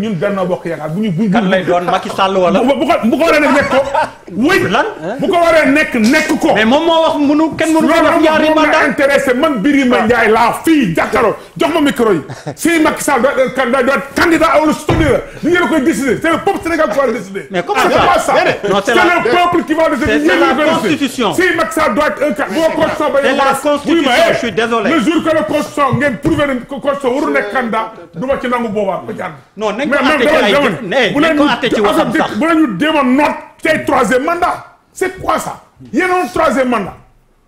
ñun Benno Bokk Yaakaar bu ñu bu kan lay doon Macky Sall wala. bu ko bu ko waree nekk ko. wuy lan bu ko waree nekk nekk ko. mais moom moo wax munu kenn munu ko def ñaari mandat intéressé man Birima ah. Ndiaye laa fii jàkkaarloo jox ma micro yi. fii Macky Sall doy doy candidat wala soutenu la ñu ngeen koy décider c'est le peuple Sénégal qui va le décider. mais comme ah, ça non c'est le peuple qui va le décider. c'est la constitution si Macky Sall doit être un cas. c'est la constitution je suis désolé. le jour que la constitution ngeen prouver ne constitution warul nekk candidat du ma ci nangu boobaa ba jàll. nañ ko àtte ci ay jëf bu nañ ko àtte ci waxam sax mandat c'est quoi ça yenoon troisième mandat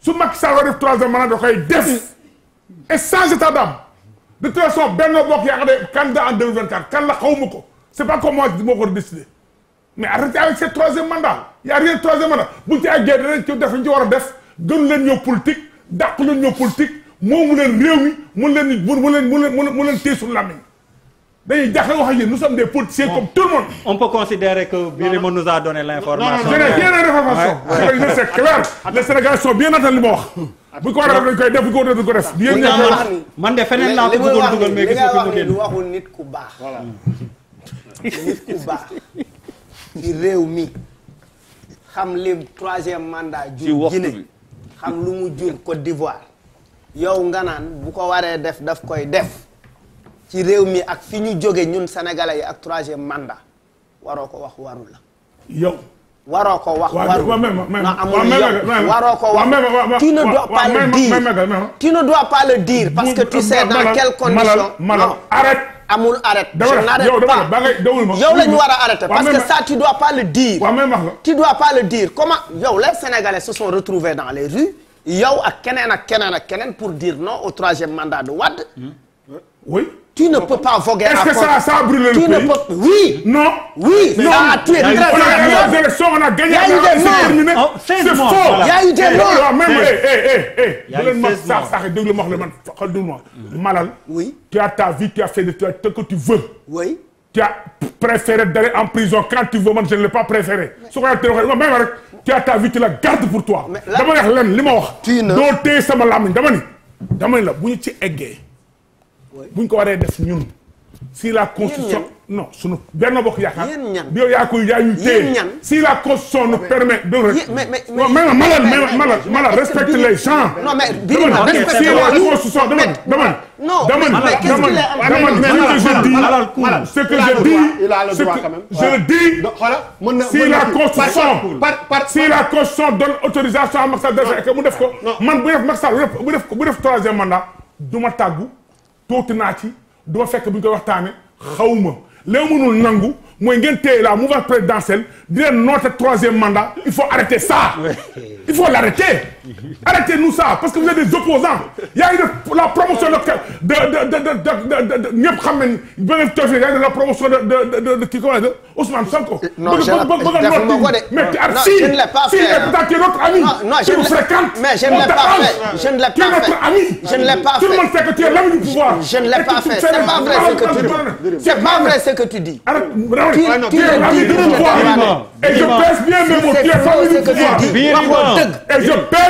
su Macky Sall war def troisième mandat da koy def et sans état d'âme de toute façon Benno Bokk Yaakaar de candidat en 2024 kan la xaw ko c'est pas comme moi moo ko décidé mais arrêtez avec ce troisième mandat y a rien troisième mandat buñ ci def ñu war def gënu leen ñoo politique dàqu leen ñoo politique moomu leen réew mi mun leen mun leen mun leen mun dañuy jaaxle wax ak yéen nous sommes des politiciens comme tout le monde. on peut considérer que Birima nous a donné l'information. non non non non li ma wax. bu ko war a def dañ koy def bu ko war a def def. yéen ñoo man de feneen laa ko bëggoon dugal mais gis nga fi ku baax. voilà nit baax ci réew mi xam li troisième mandat. jur Guinée xam lu mu jur Côte d'Ivoire. yow nga naan bu ko waree def daf koy def. ci réew mi ak fi ñu jóge ñun sénégalais yi ak troisième mandat waroo ko wax waru la. yow. waroo ko wax waru waaw waaw waroo ko wax. tu ne dois pas le dire tu ne dois pas le dire parce que tu sais dans quelles conditions. non arrête. amul arrête. je n'arrête pas yow la ñu war a arrêter parce que ça tu dois pas le dire. tu dois pas le dire comment yow les sénégalais se sont retrouvés dans les rues. yow ak keneen ak keneen ak keneen pour dire non au troisième mandat de Wade. oui. tu ne peux pas Est-ce que ça, ça a brûlé le pays? Peux... Non. Oui. Non. Ah, tu es très bien. On a élections, on a gagné. a des morts. Oh, c'est faux. Il y a eu des morts. Même, eh, eh, eh, eh. Il y a ma man, déglu ma. Malal. Oui. Tu as ta vie, tu as fait de toi ce que en prison quand tu veux, man, ne l'ai pas préféré. su ko yàlla teel a même rek tu as ta vie, tu la gardes pour toi. dama ne li ma wax. tu ne doo téye sama làmmiñ dama ni. la bu ñu ci eggee. buñ ko waree def ñun. si la constitution non sunu benn bokk yaakaar. yéen ñan yow yaa koy yaa ñuy téye si la constitution nous permet de. mais mais mais mais malal malal malal respecte les gens. non mais Birima respecte si la constitution dama dama. non mais mais qu'est-ce qu'il est dama ce que je dis ce que je dis. mën na si la constitution par par si la constitution donne autorisation à Macky Sall mu def ko. man bu def Macky Sall bu def bu def troisième mandat du ma tàggu. tuuti naa ci du ma fekk bu ñu koy waxtaanee xawma li ma nangu mooy ngeen téye mu mouvance présidentielle di leen noote troisième mandat il faut arrêter ça il faut l'arrêter arrêtez nous ça parce que vous êtes des opposants yaa ngi def la promotion de de de de de ñëpp xam nañu ba ngeen toog fii yaa ngi def la promotion de de de de kii comment dire Ousmane Sonko. non je mais je ne l'ai pas fait si notre ami. non je mais je ne l'ai pas fait je ne l'ai pas fait je ne l'ai pas fait tout le monde sait que tu es l'ami du pouvoir. je ne l'ai pas fait c'est pas vrai ce que tu dis c'est pas vrai ce que tu dis. tu es l'ami du pouvoir et je pèse bien mes mots tu es l'ami du pouvoir. et je pèse